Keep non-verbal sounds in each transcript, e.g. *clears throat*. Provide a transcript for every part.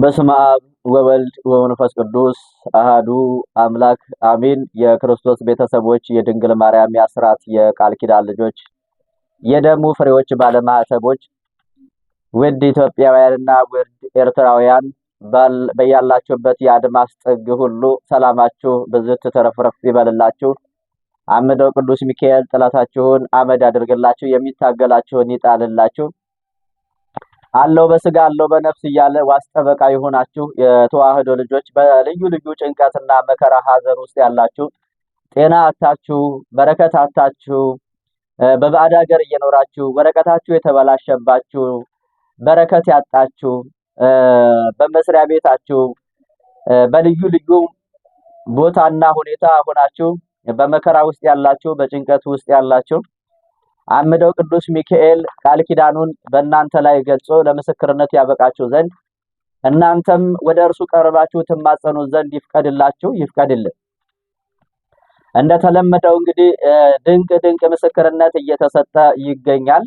በስመ አብ ወወልድ ወመንፈስ ቅዱስ አሃዱ አምላክ አሚን። የክርስቶስ ቤተሰቦች፣ የድንግል ማርያም የአስራት የቃል ኪዳን ልጆች፣ የደሙ ፍሬዎች ባለማዕተቦች፣ ውድ ኢትዮጵያውያንና ውድ ኤርትራውያን በያላችሁበት የአድማስ ጥግ ሁሉ ሰላማችሁ ብዝት ተረፍረፍ ይበልላችሁ። አምደው ቅዱስ ሚካኤል ጥላታችሁን አመድ አድርግላችሁ፣ የሚታገላችሁን ይጣልላችሁ። አለው በስጋ አለው በነፍስ እያለ ዋስ ጠበቃ የሆናችሁ የተዋህዶ ልጆች በልዩ ልዩ ጭንቀትና መከራ ሀዘን ውስጥ ያላችሁ ጤና አታችሁ በረከት አታችሁ በባዕድ ሀገር እየኖራችሁ ወረቀታችሁ የተበላሸባችሁ በረከት ያጣችሁ በመስሪያ ቤታችሁ በልዩ ልዩ ቦታና ሁኔታ ሆናችሁ በመከራ ውስጥ ያላችሁ በጭንቀት ውስጥ ያላችሁ አምደው ቅዱስ ሚካኤል ቃል ኪዳኑን በእናንተ ላይ ገልጾ ለምስክርነት ያበቃችሁ ዘንድ እናንተም ወደ እርሱ ቀርባችሁ ትማጸኑ ዘንድ ይፍቀድላችሁ ይፍቀድልን። እንደተለመደው እንግዲህ ድንቅ ድንቅ ምስክርነት እየተሰጠ ይገኛል።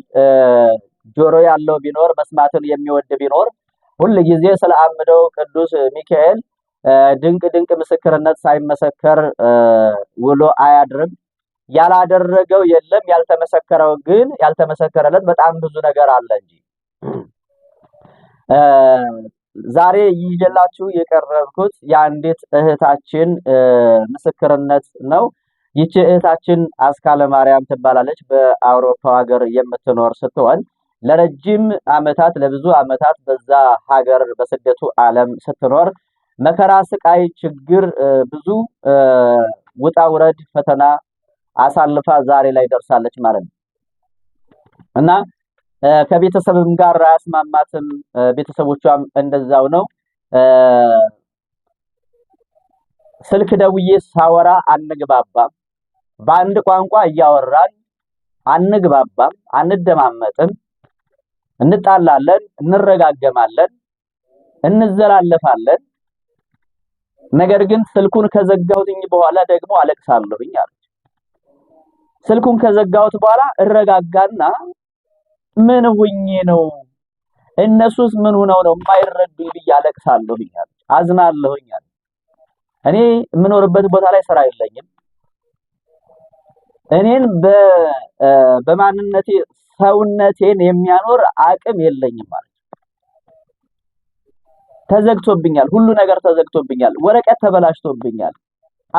ጆሮ ያለው ቢኖር መስማትን የሚወድ ቢኖር ሁል ጊዜ ስለ አምደው ቅዱስ ሚካኤል ድንቅ ድንቅ ምስክርነት ሳይመሰከር ውሎ አያድርም። ያላደረገው የለም። ያልተመሰከረው ግን ያልተመሰከረለት በጣም ብዙ ነገር አለ እንጂ ዛሬ ይዤላችሁ የቀረብኩት የአንዲት እህታችን ምስክርነት ነው። ይቺ እህታችን አስካለ ማርያም ትባላለች። በአውሮፓ ሀገር የምትኖር ስትሆን ለረጅም ዓመታት ለብዙ ዓመታት በዛ ሀገር በስደቱ ዓለም ስትኖር መከራ፣ ስቃይ፣ ችግር፣ ብዙ ውጣ ውረድ፣ ፈተና አሳልፋ ዛሬ ላይ ደርሳለች ማለት ነው እና ከቤተሰብም ጋር አያስማማትም። ቤተሰቦቿም እንደዛው ነው። ስልክ ደውዬ ሳወራ አንግባባም፣ በአንድ ቋንቋ እያወራን አንግባባም፣ አንደማመጥም፣ እንጣላለን፣ እንረጋገማለን፣ እንዘላለፋለን። ነገር ግን ስልኩን ከዘጋሁትኝ በኋላ ደግሞ አለቅሳለሁኝ አለ። ስልኩን ከዘጋሁት በኋላ እረጋጋና ምን ሁኜ ነው እነሱስ ምን ሆነው ነው የማይረዱኝ ብዬ አለቅሳለሁ ይላል። አዝናለሁ ይላል። እኔ የምኖርበት ቦታ ላይ ስራ የለኝም። እኔን በማንነቴ ሰውነቴን የሚያኖር አቅም የለኝም ማለት ተዘግቶብኛል። ሁሉ ነገር ተዘግቶብኛል። ወረቀት ተበላሽቶብኛል።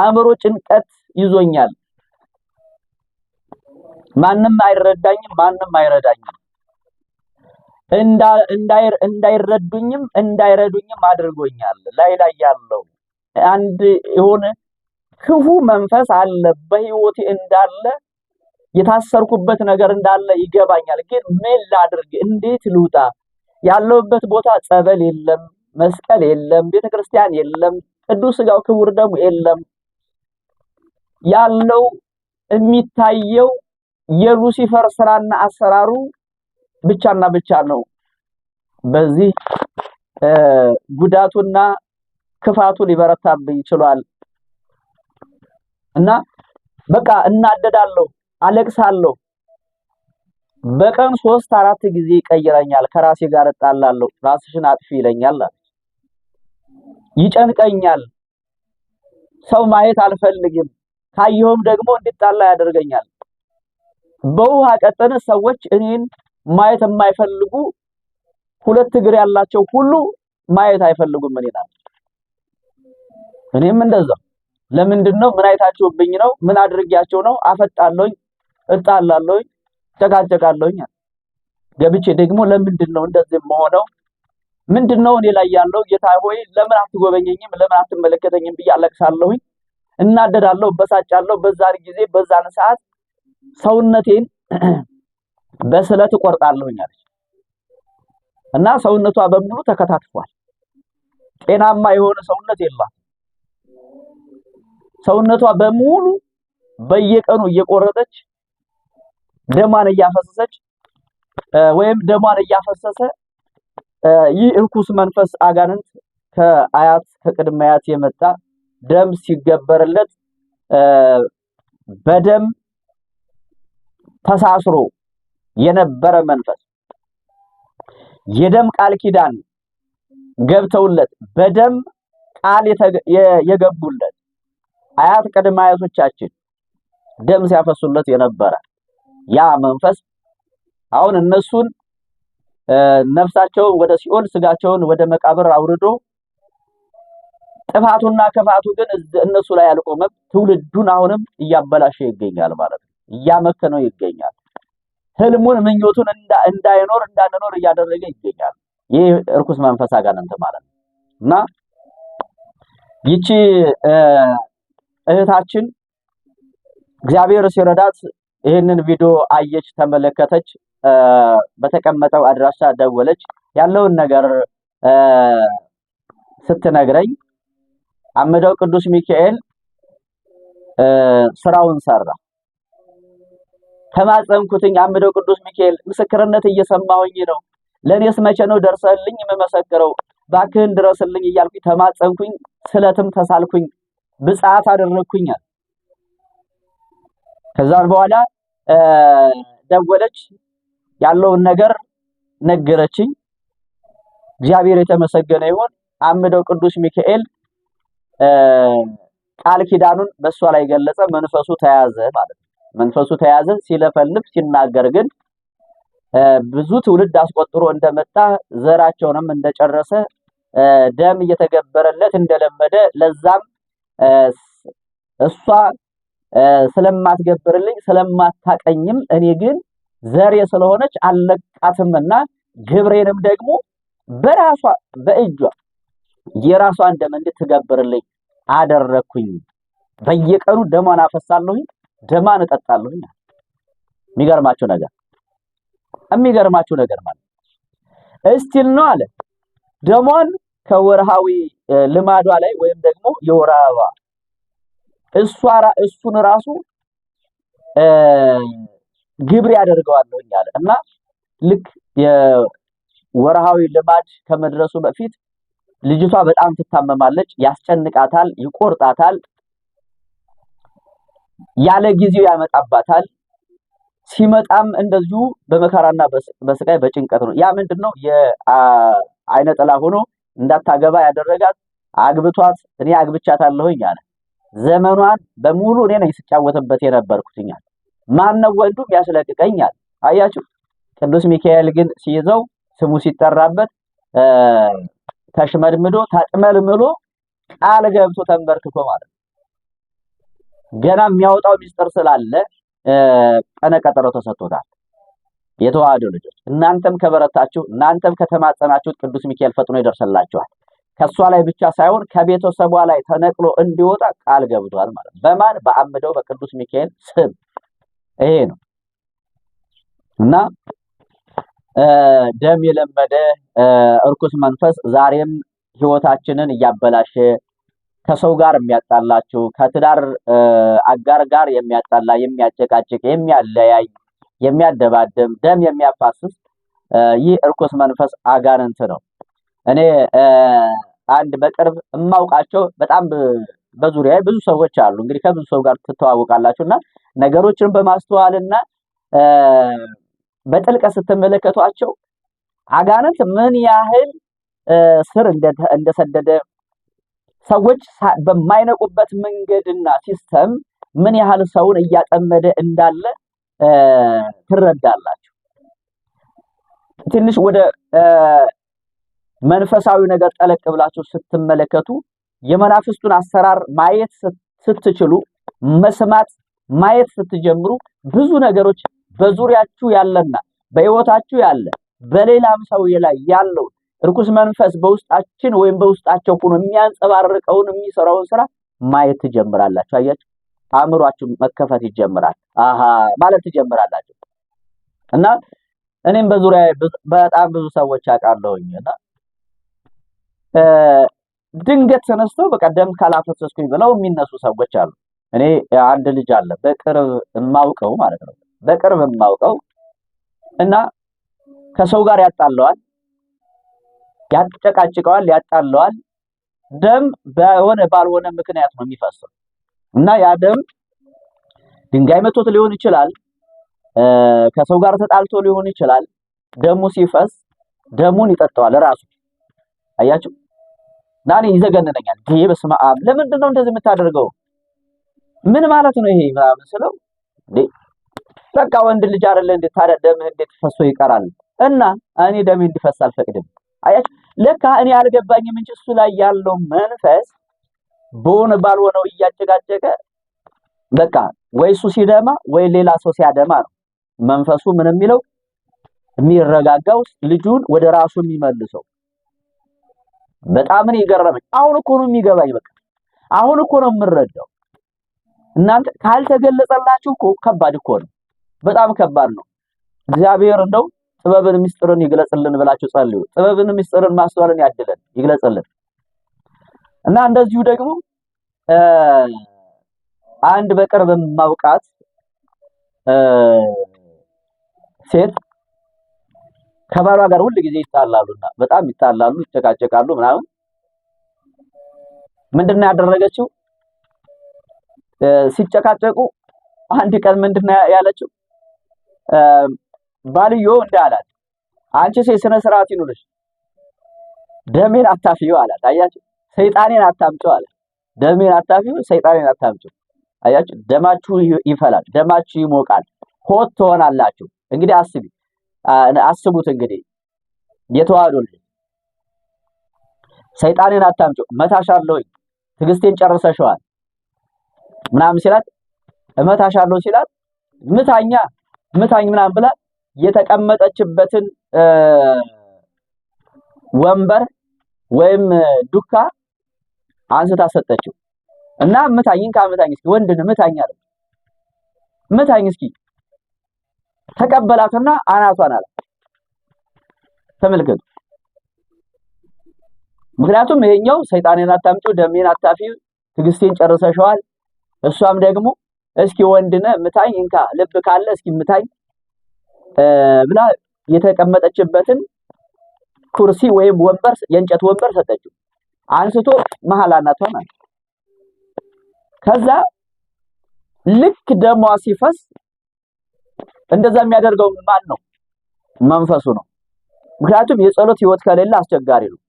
አእምሮ ጭንቀት ይዞኛል። ማንም አይረዳኝም፣ ማንም አይረዳኝም፣ እንዳይረዱኝም እንዳይረዱኝም አድርጎኛል። ላይ ላይ ያለው አንድ የሆነ ክፉ መንፈስ አለ በህይወቴ እንዳለ የታሰርኩበት ነገር እንዳለ ይገባኛል። ግን ምን ላድርግ? እንዴት ልውጣ? ያለውበት ቦታ ጸበል የለም፣ መስቀል የለም፣ ቤተክርስቲያን የለም፣ ቅዱስ ስጋው ክቡር ደግሞ የለም። ያለው የሚታየው የሉሲፈር ስራና አሰራሩ ብቻና ብቻ ነው። በዚህ ጉዳቱና ክፋቱ ሊበረታብኝ ይችላል እና በቃ እናደዳለሁ፣ አለቅሳለሁ። በቀን ሶስት አራት ጊዜ ይቀይረኛል። ከራሴ ጋር እጣላለሁ። ራስሽን አጥፊ ይለኛል፣ ይጨንቀኛል። ሰው ማየት አልፈልግም። ካየሁም ደግሞ እንድጣላ ያደርገኛል። በውሃ ቀጠነ ሰዎች እኔን ማየት የማይፈልጉ ሁለት እግር ያላቸው ሁሉ ማየት አይፈልጉም ምን ይላል? እኔም እንደዛ። ለምንድን ነው ምን አይታችሁብኝ ነው ምን አድርጊያቸው ነው አፈጣለሁኝ እጣላለሁኝ ጨቃጨቃለሁኝ ገብቼ ደግሞ ለምንድን ነው እንደዚህ መሆነው ምንድን ነው እኔ ላይ ያለው ጌታ ሆይ ለምን አትጎበኘኝም ለምን አትመለከተኝም ብዬ አለቅሳለሁኝ እናደዳለሁ በሳጫለሁ በዛን ጊዜ በዛን ሰዓት ሰውነቴን *clears throat* በስለት እቆርጣለሁኝ አለች እና ሰውነቷ በሙሉ ተከታትፏል። ጤናማ የሆነ ሰውነት የላት። ሰውነቷ በሙሉ በየቀኑ እየቆረጠች ደሟን እያፈሰሰች ወይም ደሟን እያፈሰሰ ይህ እርኩስ መንፈስ አጋንንት ከአያት ከቅድመ አያት የመጣ ደም ሲገበርለት በደም ተሳስሮ የነበረ መንፈስ የደም ቃል ኪዳን ገብተውለት በደም ቃል የገቡለት አያት ቅድመ አያቶቻችን ደም ሲያፈሱለት የነበረ ያ መንፈስ አሁን እነሱን ነፍሳቸውን ወደ ሲኦል ስጋቸውን ወደ መቃብር አውርዶ ጥፋቱና ክፋቱ ግን እነሱ ላይ አልቆመም ትውልዱን አሁንም እያበላሸ ይገኛል ማለት ነው። እያመከነው ይገኛል። ህልሙን ምኞቱን እንዳይኖር እንዳንኖር እያደረገ ይገኛል። ይህ እርኩስ መንፈስ አጋንንት ማለት ነው እና ይቺ እህታችን እግዚአብሔር ሲረዳት ይህንን ቪዲዮ አየች፣ ተመለከተች፣ በተቀመጠው አድራሻ ደወለች። ያለውን ነገር ስትነግረኝ አምደው ቅዱስ ሚካኤል ስራውን ሰራ። ተማጸንኩትኝ አምደው ቅዱስ ሚካኤል ምስክርነት እየሰማሁኝ ነው። ለእኔስ መቼ ነው ደርሰህልኝ የምመሰክረው? ባክህን ድረስልኝ እያልኩኝ ተማጸንኩኝ፣ ስለትም ተሳልኩኝ፣ ብጻት አደረግኩኛል። ከዛን በኋላ ደወለች፣ ያለውን ነገር ነገረችኝ። እግዚአብሔር የተመሰገነ ይሁን። አምደው ቅዱስ ሚካኤል ቃል ኪዳኑን በእሷ ላይ ገለጸ። መንፈሱ ተያዘ ማለት ነው። መንፈሱ ተያዘ። ሲለፈልፍ ሲናገር ግን ብዙ ትውልድ አስቆጥሮ እንደመጣ ዘራቸውንም እንደጨረሰ ደም እየተገበረለት እንደለመደ ለዛም እሷ ስለማትገብርልኝ ስለማታቀኝም እኔ ግን ዘሬ ስለሆነች አልለቃትምና ግብሬንም ደግሞ በራሷ በእጇ የራሷን ደም እንድትገብርልኝ አደረኩኝ። በየቀኑ ደሟን አፈሳለሁኝ። ደማን እጠጣለሁ ይላል። የሚገርማችሁ ነገር የሚገርማችሁ ነገር ማለት እስቲል ነው አለ ደሟን ከወርሃዊ ልማዷ ላይ ወይም ደግሞ የወር አበባ እሷ እሱን ራሱ ግብር ያደርገዋለሁ አለ እና ልክ የወርሃዊ ልማድ ከመድረሱ በፊት ልጅቷ በጣም ትታመማለች፣ ያስጨንቃታል፣ ይቆርጣታል። ያለ ጊዜው ያመጣባታል። ሲመጣም እንደዚሁ በመከራና በስቃይ በጭንቀት ነው። ያ ምንድን ነው? የአይነ ጥላ ሆኖ እንዳታገባ ያደረጋት አግብቷት እኔ አግብቻታለሁኝ አለ። ዘመኗን በሙሉ እኔ ነኝ ስጫወትበት የነበርኩትኛል። ማን ነው ወንዱም ያስለቅቀኛል። አያችሁ፣ ቅዱስ ሚካኤል ግን ሲይዘው ስሙ ሲጠራበት ተሽመድምዶ ተጥመልምሎ ቃል ገብቶ ተንበርክኮ ማለት ነው። ገና የሚያወጣው ሚስጥር ስላለ ቀነ ቀጠሮ ተሰጥቶታል። የተዋህዶ ልጆች እናንተም ከበረታችሁ፣ እናንተም ከተማጸናችሁት ቅዱስ ሚካኤል ፈጥኖ ይደርሰላችኋል። ከእሷ ላይ ብቻ ሳይሆን ከቤተሰቧ ላይ ተነቅሎ እንዲወጣ ቃል ገብቷል ማለት ነው። በማን በአምደው በቅዱስ ሚካኤል ስም ይሄ ነው እና ደም የለመደ እርኩስ መንፈስ ዛሬም ህይወታችንን እያበላሸ ከሰው ጋር የሚያጣላቸው ከትዳር አጋር ጋር የሚያጣላ የሚያጨቃጭቅ፣ የሚያለያይ፣ የሚያደባደም፣ ደም የሚያፋስስ ይህ እርኩስ መንፈስ አጋንንት ነው። እኔ አንድ በቅርብ የማውቃቸው በጣም በዙሪያ ብዙ ሰዎች አሉ። እንግዲህ ከብዙ ሰው ጋር ትተዋወቃላችሁ እና ነገሮችን በማስተዋልና በጥልቀት ስትመለከቷቸው አጋንንት ምን ያህል ስር እንደሰደደ ሰዎች በማይነቁበት መንገድና ሲስተም ምን ያህል ሰውን እያጠመደ እንዳለ ትረዳላችሁ። ትንሽ ወደ መንፈሳዊ ነገር ጠለቅ ብላችሁ ስትመለከቱ የመናፍስቱን አሰራር ማየት ስትችሉ፣ መስማት ማየት ስትጀምሩ ብዙ ነገሮች በዙሪያችሁ ያለና በህይወታችሁ ያለ በሌላም ሰው ላይ ያለው። ርኩስ መንፈስ በውስጣችን ወይም በውስጣቸው ሆኖ የሚያንጸባርቀውን የሚሰራውን ስራ ማየት ትጀምራላችሁ። አያችሁ፣ አእምሯችሁ መከፈት ይጀምራል። አሃ ማለት ትጀምራላችሁ። እና እኔም በዙሪያ በጣም ብዙ ሰዎች አውቃለሁኝ እና ድንገት ተነስቶ በቀደም ካላፈሰስኩኝ ብለው የሚነሱ ሰዎች አሉ። እኔ አንድ ልጅ አለ በቅርብ የማውቀው ማለት ነው፣ በቅርብ የማውቀው እና ከሰው ጋር ያጣለዋል ያጨቃጭቀዋል፣ ያጣለዋል። ደም በሆነ ባልሆነ ምክንያት ነው የሚፈሰው እና ያ ደም ድንጋይ መቶት ሊሆን ይችላል፣ ከሰው ጋር ተጣልቶ ሊሆን ይችላል። ደሙ ሲፈስ ደሙን ይጠጣዋል ራሱ አያችሁ። እና እኔ ይዘገንነኛል። ይሄ በስመ አብ ለምንድን ነው እንደዚህ የምታደርገው? ምን ማለት ነው ይሄ ምናምን ስለው እንዴ በቃ ወንድ ልጅ አይደለ እንዴ ታዲያ ደምህ እንዴት ፈሶ ይቀራል? እና እኔ ደሜ እንዲፈስ አልፈቅድም። አያችሁ፣ እኔ አልገባኝም እንጂ እሱ ላይ ያለው መንፈስ በሆነ ባልሆነው እያጨቃጨቀ በቃ ወይ እሱ ሲደማ ወይ ሌላ ሰው ሲያደማ ነው መንፈሱ ምን የሚለው የሚረጋጋው ልጁን ወደ ራሱ የሚመልሰው። በጣም እኔ ይገረመኝ። አሁን እኮ ነው የሚገባኝ። በቃ አሁን እኮ ነው የምረዳው። እናንተ ካልተገለጸላችሁ እኮ ከባድ እኮ ነው፣ በጣም ከባድ ነው። እግዚአብሔር እንደው ጥበብን ምስጢርን ይግለጽልን ብላችሁ ጸልዩ። ጥበብን ምስጢርን ማስተዋልን ያድለን ይግለጽልን። እና እንደዚሁ ደግሞ አንድ በቅርብ ማውቃት ሴት ከባሏ ጋር ሁል ጊዜ ይጣላሉና በጣም ይጣላሉ፣ ይጨቃጨቃሉ ምናምን። ምንድን ነው ያደረገችው? ሲጨቃጨቁ አንድ ቀን ምንድን ነው ያለችው? ባልዮ እንዳላት አንቺ ሴት ስነ ስርዓት ይኑርሽ፣ ደሜን አታፍዩ አላት። አያችሁ ሰይጣኔን አታምጡ አላት። ደሜን አታፍዩ፣ ሰይጣኔን አታምጡ። አያችሁ ደማችሁ ይፈላል፣ ደማችሁ ይሞቃል፣ ሆት ትሆናላችሁ። እንግዲህ አስቢ አስቡት እንግዲህ የተዋህዶ ልጅ ሰይጣኔን አታምጪው እመታሻለሁ፣ ትዕግስቴን ጨርሰሽዋል ምናምን ሲላት እመታሻለሁ ሲላት ምታኛ ምታኝ ምናምን ብላ የተቀመጠችበትን ወንበር ወይም ዱካ አንስታ ሰጠችው እና ምታኝን ከምታኝ እስኪ ወንድን ምታኝ አለ። ምታኝ እስኪ ተቀበላትና አናቷን አለ። ተመልከቱ። ምክንያቱም ይሄኛው ሰይጣኔን አታምጡ ደሜን አታፊ ትግስቴን ጨርሰሸዋል። እሷም ደግሞ እስኪ ወንድነ ምታኝ እንካ ልብ ካለ እስኪ ምታኝ ብላ የተቀመጠችበትን ኩርሲ ወይም ወንበር የእንጨት ወንበር ሰጠችው። አንስቶ መሀል አናቷን ከዛ ልክ ደሟ ሲፈስ እንደዛ የሚያደርገው ማን ነው? መንፈሱ ነው። ምክንያቱም የጸሎት ህይወት ከሌለ አስቸጋሪ ነው።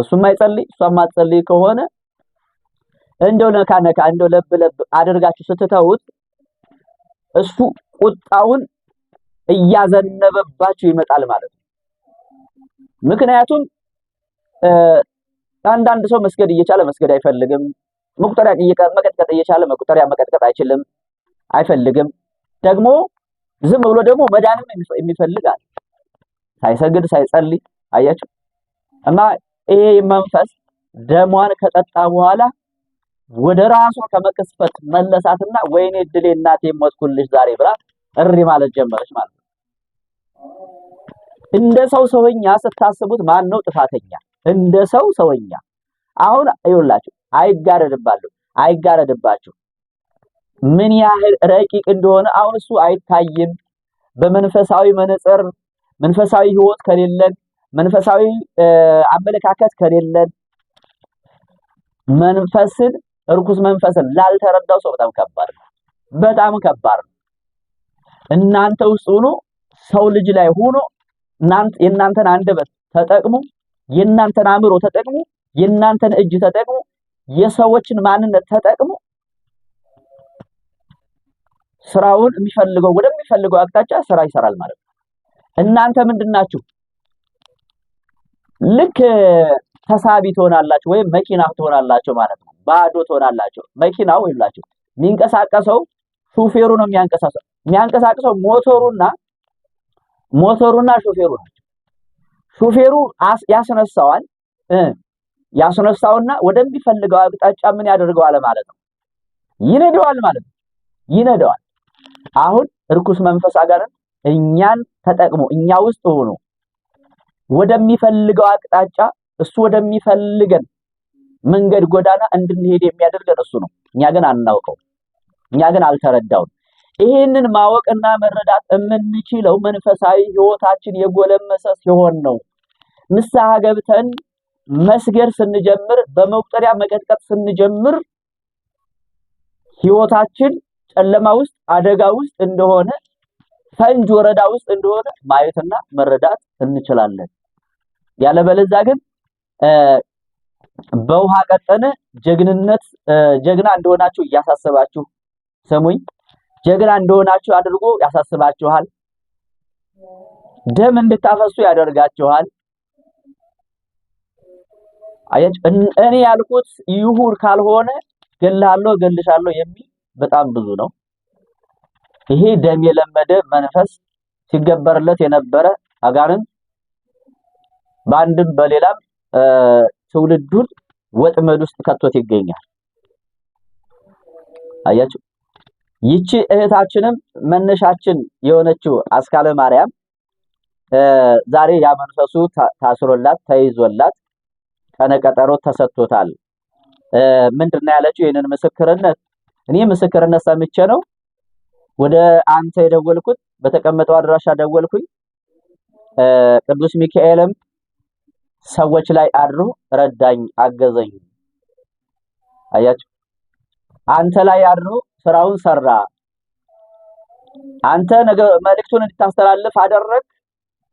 እሱ አይጸልይ እሷም አትጸልይ ከሆነ እንደው ነካ ነካ እንደው ለብ ለብ አድርጋችሁ ስትተውት እሱ ቁጣውን እያዘነበባቸው ይመጣል ማለት ነው። ምክንያቱም አንዳንድ ሰው መስገድ እየቻለ መስገድ አይፈልግም። መቁጠሪያ መቀጥቀጥ እየቻለ መቁጠሪያ መቀጥቀጥ አይችልም አይፈልግም። ደግሞ ዝም ብሎ ደግሞ መዳንም የሚፈልጋል ሳይሰግድ ሳይጸልይ አያችሁ። እና ይሄ መንፈስ ደሟን ከጠጣ በኋላ ወደ ራሷ ከመቅስፈት መለሳትና ወይኔ እድሌ እናቴ ሞትኩልሽ ዛሬ ብላ እሪ ማለት ጀመረች ማለት እንደ ሰው ሰውኛ ስታስቡት ማን ነው ጥፋተኛ? እንደ ሰው ሰውኛ አሁን ይኸውላችሁ አይጋረድባሉ አይጋረድባችሁ ምን ያህል ረቂቅ እንደሆነ አሁን እሱ አይታይም። በመንፈሳዊ መነጽር መንፈሳዊ ህይወት ከሌለን መንፈሳዊ አመለካከት ከሌለን መንፈስን እርኩስ መንፈስን ላልተረዳው ሰው በጣም ከባድ ነው። በጣም ከባድ ነው። እናንተ ውስጥ ሆኖ ሰው ልጅ ላይ ሆኖ እናንተ የእናንተን አንደበት ተጠቅሞ የእናንተን አእምሮ ተጠቅሞ የእናንተን እጅ ተጠቅሞ የሰዎችን ማንነት ተጠቅሞ ስራውን የሚፈልገው ወደሚፈልገው አቅጣጫ ስራ ይሰራል ማለት ነው። እናንተ ምንድናችሁ? ናችሁ? ልክ ተሳቢ ትሆናላችሁ ወይም መኪና ትሆናላችሁ ማለት ነው። ባዶ ትሆናላችሁ። መኪናው ይላችሁ የሚንቀሳቀሰው ሹፌሩ ነው የሚያንቀሳቀሰው የሚያንቀሳቀሰው ሞተሩና ሞተሩና ሾፌሩ ናቸው። ሾፌሩ ያስነሳዋል ያስነሳውና ወደሚፈልገው አቅጣጫ ምን ያደርገዋል ማለት ነው፣ ይነደዋል ማለት ነው፣ ይነደዋል። አሁን እርኩስ መንፈስ አጋርን እኛን ተጠቅሞ እኛ ውስጥ ሆኖ ወደሚፈልገው አቅጣጫ እሱ ወደሚፈልገን መንገድ ጎዳና እንድንሄድ የሚያደርገን እሱ ነው። እኛ ግን አናውቀው፣ እኛ ግን አልተረዳውም ይህንን ማወቅና መረዳት የምንችለው መንፈሳዊ ህይወታችን የጎለመሰ ሲሆን ነው። ንስሐ ገብተን መስገድ ስንጀምር፣ በመቁጠሪያ መቀጥቀጥ ስንጀምር ህይወታችን ጨለማ ውስጥ አደጋ ውስጥ እንደሆነ ፈንጅ ወረዳ ውስጥ እንደሆነ ማየትና መረዳት እንችላለን። ያለበለዚያ ግን በውሃ ቀጠነ ጀግንነት ጀግና እንደሆናችሁ እያሳሰባችሁ ስሙኝ ጀግና እንደሆናችሁ አድርጎ ያሳስባችኋል። ደም እንድታፈሱ ያደርጋችኋል። አያችሁ፣ እኔ ያልኩት ይሁን ካልሆነ እገልሃለሁ እገልሻለሁ የሚል በጣም ብዙ ነው። ይሄ ደም የለመደ መንፈስ ሲገበርለት የነበረ አጋንንት በአንድም በሌላም ትውልዱን ወጥመድ ውስጥ ከቶት ይገኛል። አያችሁ ይቺ እህታችንም መነሻችን የሆነችው አስካለ ማርያም ዛሬ ያ መንፈሱ ታስሮላት ተይዞላት ቀነ ቀጠሮ ተሰጥቶታል። ምንድን ነው ያለችው? ይህንን ምስክርነት እኔ ምስክርነት ሰምቼ ነው ወደ አንተ የደወልኩት። በተቀመጠው አድራሻ ደወልኩኝ። ቅዱስ ሚካኤልም ሰዎች ላይ አድሮ ረዳኝ፣ አገዘኝ። አያችሁ አንተ ላይ አድሮ ስራውን ሰራ። አንተ ነገ መልእክቱን እንድታስተላልፍ አደረግ።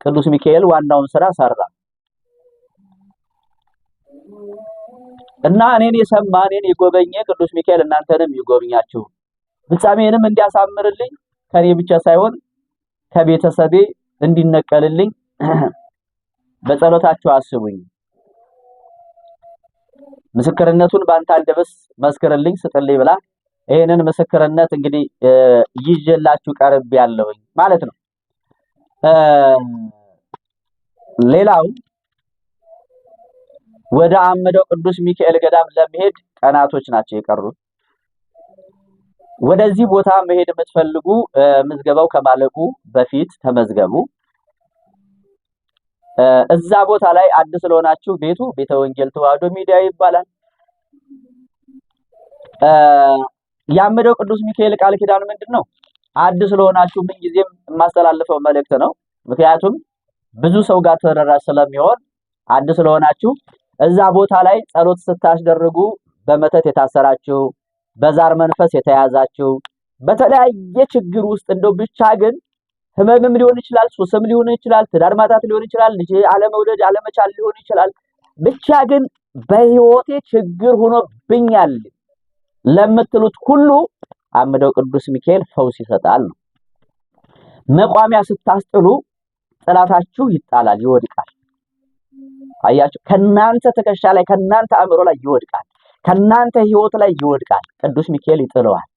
ቅዱስ ሚካኤል ዋናውን ስራ ሰራ እና እኔን የሰማ እኔን የጎበኘ ቅዱስ ሚካኤል እናንተንም ይጎብኛችሁ ፍጻሜንም እንዲያሳምርልኝ ከኔ ብቻ ሳይሆን ከቤተሰቤ እንዲነቀልልኝ *clears throat* በጸሎታችሁ አስቡኝ። ምስክርነቱን በአንተ አንደበት መስክርልኝ ስጥልኝ ብላ ይህንን ምስክርነት እንግዲህ ይዤላችሁ ቀርብ ያለውኝ ማለት ነው። ሌላው ወደ አምደው ቅዱስ ሚካኤል ገዳም ለመሄድ ቀናቶች ናቸው የቀሩት። ወደዚህ ቦታ መሄድ የምትፈልጉ ምዝገባው ከማለቁ በፊት ተመዝገቡ። እዛ ቦታ ላይ አዲስ ስለሆናችሁ ቤቱ ቤተ ወንጌል ተዋህዶ ሚዲያ ይባላል። ያመደው ቅዱስ ሚካኤል ቃል ኪዳኑ ምንድን ነው? አዲስ ስለሆናችሁ ጊዜ የማስተላልፈው መልእክት ነው። ምክንያቱም ብዙ ሰው ጋር ተደራሽ ስለሚሆን አዲስ ስለሆናችሁ እዛ ቦታ ላይ ጸሎት ስታስደርጉ በመተት የታሰራችሁ፣ በዛር መንፈስ የተያዛችሁ፣ በተለያየ ችግር ውስጥ እንደው ብቻ ግን ህመምም ሊሆን ይችላል፣ ሱስም ሊሆን ይችላል፣ ትዳር ማጣት ሊሆን ይችላል፣ ልጅ አለመውለድ አለመቻል ሊሆን ይችላል። ብቻ ግን በህይወቴ ችግር ሆኖብኛል ለምትሉት ሁሉ አምደው ቅዱስ ሚካኤል ፈውስ ይሰጣል ነው። መቋሚያ ስታስጥሉ ጥላታችሁ ይጣላል፣ ይወድቃል። አያችሁ፣ ከናንተ ትከሻ ላይ ከናንተ አእምሮ ላይ ይወድቃል፣ ከናንተ ህይወት ላይ ይወድቃል። ቅዱስ ሚካኤል ይጥለዋል፣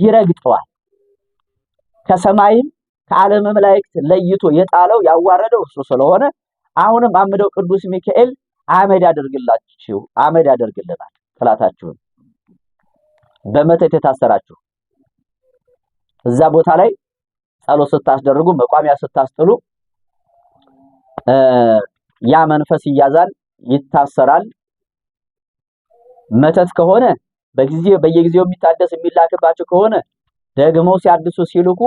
ይረግጠዋል። ከሰማይም ከዓለም መላእክት ለይቶ የጣለው ያዋረደው እሱ ስለሆነ አሁንም አምደው ቅዱስ ሚካኤል አመድ ያደርግላችሁ፣ አመድ ያደርግልናል ጥላታችሁን በመተት የታሰራችሁ እዛ ቦታ ላይ ጸሎት ስታስደርጉ መቋሚያ ስታስጥሉ ያ መንፈስ ይያዛል፣ ይታሰራል። መተት ከሆነ በጊዜ በየጊዜው የሚታደስ የሚላክባቸው ከሆነ ደግሞ ሲያድሱ ሲልኩ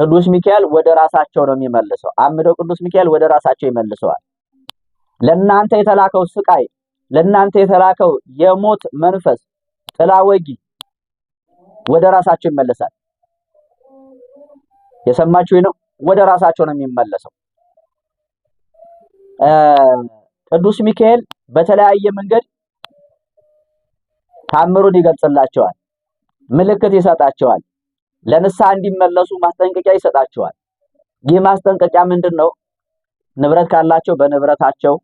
ቅዱስ ሚካኤል ወደ ራሳቸው ነው የሚመልሰው። አምደው ቅዱስ ሚካኤል ወደ ራሳቸው ይመልሰዋል። ለእናንተ የተላከው ስቃይ፣ ለእናንተ የተላከው የሞት መንፈስ ጥላ ወጊ ወደ ራሳቸው ይመለሳል። የሰማችሁ ነው። ወደ ራሳቸው ነው የሚመለሰው። ቅዱስ ሚካኤል በተለያየ መንገድ ታምሩን ይገልጽላቸዋል፣ ምልክት ይሰጣቸዋል፣ ለንስሐ እንዲመለሱ ማስጠንቀቂያ ይሰጣቸዋል። ይህ ማስጠንቀቂያ ምንድን ነው? ንብረት ካላቸው በንብረታቸው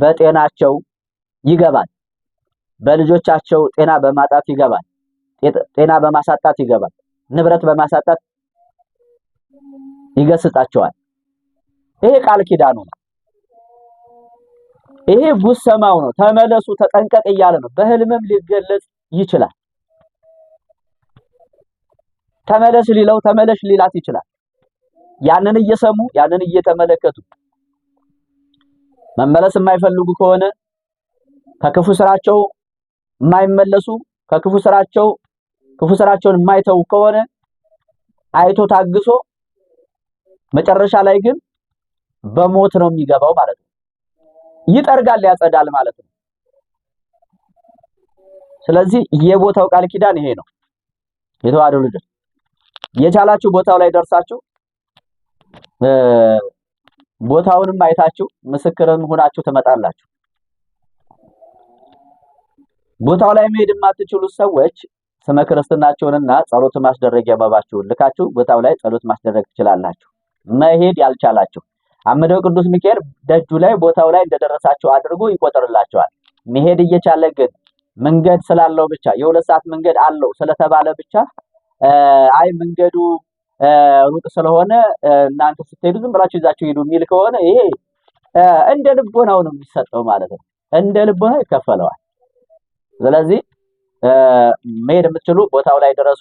በጤናቸው ይገባል። በልጆቻቸው ጤና በማጣት ይገባል፣ ጤና በማሳጣት ይገባል፣ ንብረት በማሳጣት ይገስጻቸዋል። ይሄ ቃል ኪዳኑ ነው። ይሄ ጉሰማው ነው። ተመለሱ ተጠንቀቅ እያለ ነው። በህልምም ሊገለጽ ይችላል። ተመለስ ሊለው ተመለሽ ሊላት ይችላል። ያንን እየሰሙ ያንን እየተመለከቱ መመለስ የማይፈልጉ ከሆነ ከክፉ ስራቸው የማይመለሱ ከክፉ ስራቸው ክፉ ስራቸውን የማይተው ከሆነ አይቶ ታግሶ መጨረሻ ላይ ግን በሞት ነው የሚገባው ማለት ነው። ይጠርጋል፣ ያጸዳል ማለት ነው። ስለዚህ የቦታው ቃል ኪዳን ይሄ ነው። የተዋደው ልጆች የቻላችሁ ቦታው ላይ ደርሳችሁ ቦታውንም አይታችሁ ምስክርም ሆናችሁ ትመጣላችሁ። ቦታው ላይ መሄድ የማትችሉ ሰዎች ስመ ጸሎት ማስደረግ መባችሁን ልካችሁ ቦታው ላይ ጸሎት ማስደረግ ትችላላችሁ። መሄድ ያልቻላችሁ አምደው ቅዱስ ሚካኤል ደጁ ላይ ቦታው ላይ እንደደረሳችሁ አድርጎ ይቆጥርላቸዋል። መሄድ እየቻለ ግን መንገድ ስላለው ብቻ የሁለት ሰዓት መንገድ አለው ስለተባለ ብቻ አይ መንገዱ ሩቅ ስለሆነ እናንተ ስትሄዱ ዝም ብላችሁ ይዛችሁ ሄዱ የሚል ከሆነ ይሄ እንደ ልቦናው ነው የሚሰጠው ማለት ነው። እንደ ልቦናው ይከፈለዋል። ስለዚህ መሄድ የምትችሉ ቦታው ላይ ድረሱ፣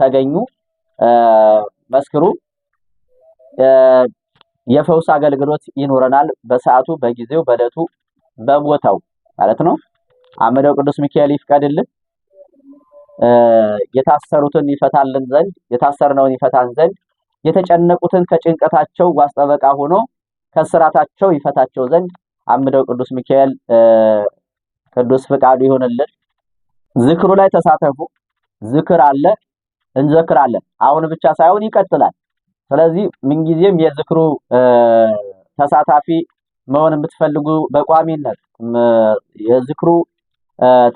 ተገኙ፣ መስክሩ። የፈውስ አገልግሎት ይኖረናል። በሰዓቱ በጊዜው በእለቱ በቦታው ማለት ነው። አመደው ቅዱስ ሚካኤል ይፍቀድልን። የታሰሩትን ይፈታልን ዘንድ የታሰርነውን ይፈታን ዘንድ የተጨነቁትን ከጭንቀታቸው ዋስጠበቃ ሆኖ ከስራታቸው ይፈታቸው ዘንድ አምደው ቅዱስ ሚካኤል ቅዱስ ፍቃዱ ይሆንልን። ዝክሩ ላይ ተሳተፉ። ዝክር አለ እንዘክራለን። አሁን ብቻ ሳይሆን ይቀጥላል። ስለዚህ ምንጊዜም የዝክሩ ተሳታፊ መሆን የምትፈልጉ በቋሚነት የዝክሩ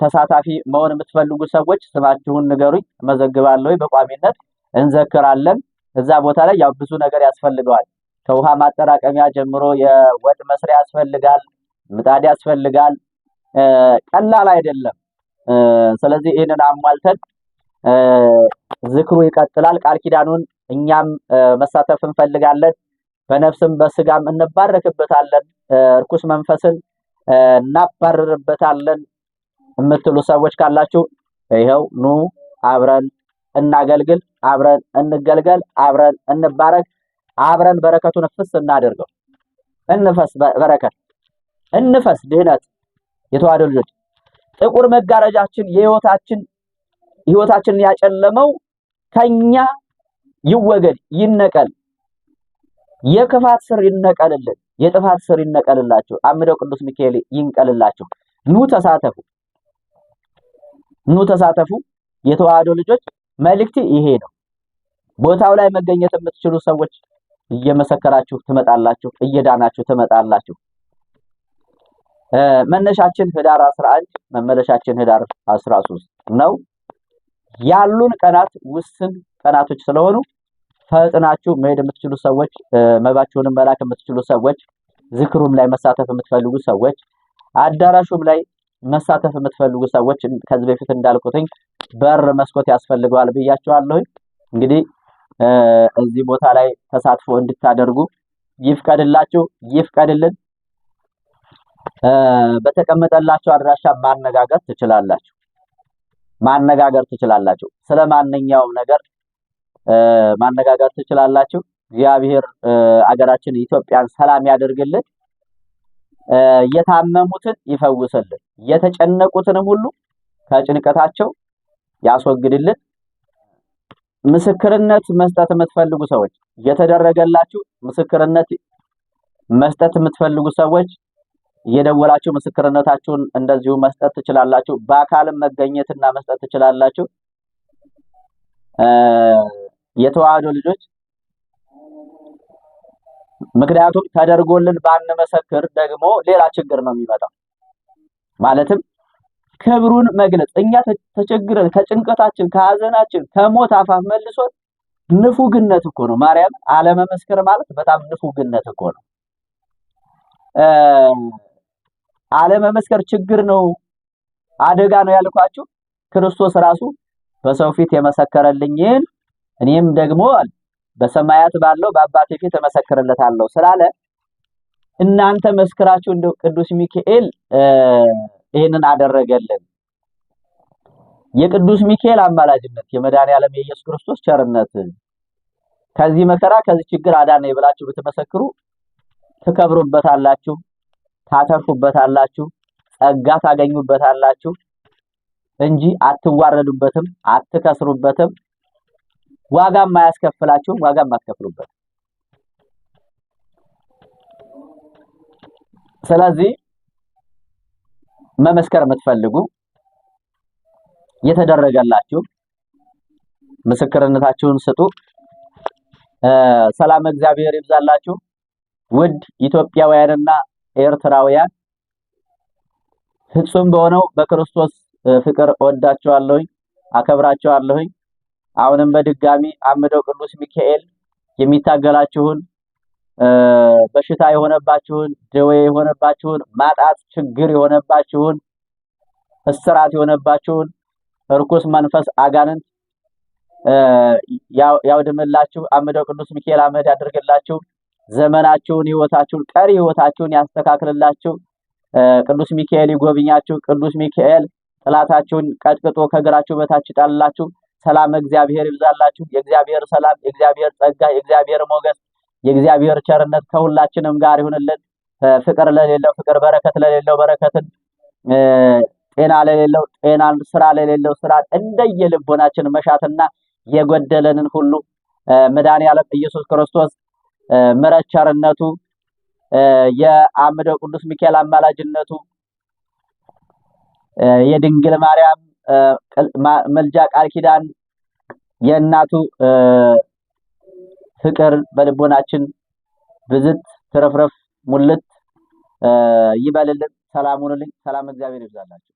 ተሳታፊ መሆን የምትፈልጉ ሰዎች ስማችሁን ንገሩኝ፣ መዘግባለሁ። በቋሚነት እንዘክራለን። እዛ ቦታ ላይ ያው ብዙ ነገር ያስፈልገዋል። ከውሃ ማጠራቀሚያ ጀምሮ የወጥ መስሪያ ያስፈልጋል፣ ምጣድ ያስፈልጋል። ቀላል አይደለም። ስለዚህ ይህንን አሟልተን ዝክሩ ይቀጥላል። ቃል ኪዳኑን እኛም መሳተፍ እንፈልጋለን። በነፍስም በስጋም እንባረክበታለን፣ እርኩስ መንፈስን እናባርርበታለን የምትሉ ሰዎች ካላችሁ ይኸው ኑ አብረን እናገልግል፣ አብረን እንገልገል፣ አብረን እንባረክ፣ አብረን በረከቱን ፍስ እናደርገው። እንፈስ በረከት፣ እንፈስ ድህነት። የተዋሕዶ ልጆች ጥቁር መጋረጃችን የህይወታችን ህይወታችንን ያጨለመው ከኛ ይወገድ ይነቀል፣ የክፋት ስር ይነቀልልን፣ የጥፋት ስር ይነቀልላችሁ። አምደው ቅዱስ ሚካኤል ይንቀልላችሁ። ኑ ተሳተፉ፣ ኑ ተሳተፉ። የተዋህዶ ልጆች መልእክት ይሄ ነው። ቦታው ላይ መገኘት የምትችሉ ሰዎች እየመሰከራችሁ ትመጣላችሁ፣ እየዳናችሁ ትመጣላችሁ። መነሻችን ህዳር 11 መመለሻችን ህዳር 13 ነው። ያሉን ቀናት ውስን ቀናቶች ስለሆኑ ፈጥናችሁ መሄድ የምትችሉ ሰዎች፣ መባችሁንም መላክ የምትችሉ ሰዎች፣ ዝክሩም ላይ መሳተፍ የምትፈልጉ ሰዎች፣ አዳራሹም ላይ መሳተፍ የምትፈልጉ ሰዎች ከዚህ በፊት እንዳልኩትኝ በር መስኮት ያስፈልገዋል ብያችኋለሁኝ። እንግዲህ እዚህ ቦታ ላይ ተሳትፎ እንድታደርጉ ይፍቀድላችሁ፣ ይፍቀድልን። በተቀመጠላችሁ አድራሻ ማነጋገር ትችላላችሁ ማነጋገር ትችላላችሁ። ስለ ማንኛውም ነገር ማነጋገር ትችላላችሁ። እግዚአብሔር አገራችን ኢትዮጵያን ሰላም ያደርግልን፣ የታመሙትን ይፈውስልን፣ የተጨነቁትንም ሁሉ ከጭንቀታቸው ያስወግድልን። ምስክርነት መስጠት የምትፈልጉ ሰዎች የተደረገላችሁ ምስክርነት መስጠት የምትፈልጉ ሰዎች እየደወላችሁ ምስክርነታችሁን እንደዚሁ መስጠት ትችላላችሁ። በአካልም መገኘትና መስጠት ትችላላችሁ። የተዋህዶ ልጆች ምክንያቱም ተደርጎልን ባንመሰክር ደግሞ ሌላ ችግር ነው የሚመጣው። ማለትም ክብሩን መግለጽ እኛ ተቸግረን ከጭንቀታችን ከሀዘናችን ከሞት አፋፍ መልሶ ንፉግነት እኮ ነው። ማርያም አለመመስከር ማለት በጣም ንፉግነት እኮ ነው። አለመመስከር ችግር ነው፣ አደጋ ነው ያልኳችሁ ክርስቶስ ራሱ በሰው ፊት የመሰከረልኝን እኔም ደግሞ በሰማያት ባለው በአባቴ ፊት እመሰክርለታለሁ ስላለ እናንተ መስክራችሁ እንደው ቅዱስ ሚካኤል ይህንን አደረገልን። የቅዱስ ሚካኤል አማላጅነት የመድኃኔዓለም የኢየሱስ ክርስቶስ ቸርነት ከዚህ መከራ ከዚህ ችግር አዳነ ብላችሁ ብትመሰክሩ ትከብሩበታላችሁ። ታተርፉበታላችሁ፣ ጸጋ ታገኙበታላችሁ እንጂ አትዋረዱበትም፣ አትከስሩበትም፣ ዋጋም አያስከፍላችሁም፣ ዋጋም አትከፍሉበትም። ስለዚህ መመስከር የምትፈልጉ የተደረገላችሁ ምስክርነታችሁን ስጡ። ሰላም እግዚአብሔር ይብዛላችሁ ውድ ኢትዮጵያውያንና ኤርትራውያን ፍጹም በሆነው በክርስቶስ ፍቅር ወዳቸዋለሁኝ፣ አከብራቸዋለሁኝ። አሁንም በድጋሚ አምደው ቅዱስ ሚካኤል የሚታገላችሁን በሽታ የሆነባችሁን ደዌ የሆነባችሁን ማጣት ችግር የሆነባችሁን እስራት የሆነባችሁን እርኩስ መንፈስ አጋንንት ያውድምላችሁ አምደው ቅዱስ ሚካኤል አመድ ያድርግላችሁ። ዘመናችሁን፣ ህይወታቸውን ቀሪ ህይወታችሁን ያስተካክልላችሁ። ቅዱስ ሚካኤል ይጎብኛችሁ። ቅዱስ ሚካኤል ጥላታችሁን ቀጥቅጦ ከእግራችሁ በታች ይጣልላችሁ። ሰላም እግዚአብሔር ይብዛላችሁ። የእግዚአብሔር ሰላም፣ የእግዚአብሔር ጸጋ፣ የእግዚአብሔር ሞገስ፣ የእግዚአብሔር ቸርነት ከሁላችንም ጋር ይሁንልን። ፍቅር ለሌለው ፍቅር፣ በረከት ለሌለው በረከትን፣ ጤና ለሌለው ጤናን፣ ስራ ለሌለው ስራ፣ እንደየልቦናችን መሻትና የጎደለንን ሁሉ መድኃኔዓለም ኢየሱስ ክርስቶስ ምሕረት ቸርነቱ፣ የአምደ ቅዱስ ሚካኤል አማላጅነቱ፣ የድንግል ማርያም መልጃ ቃል ኪዳን፣ የእናቱ ፍቅር በልቦናችን ብዝት ትረፍረፍ ሙልት ይበልልን። ሰላም ሁኑልኝ። ሰላም እግዚአብሔር ይብዛላችሁ።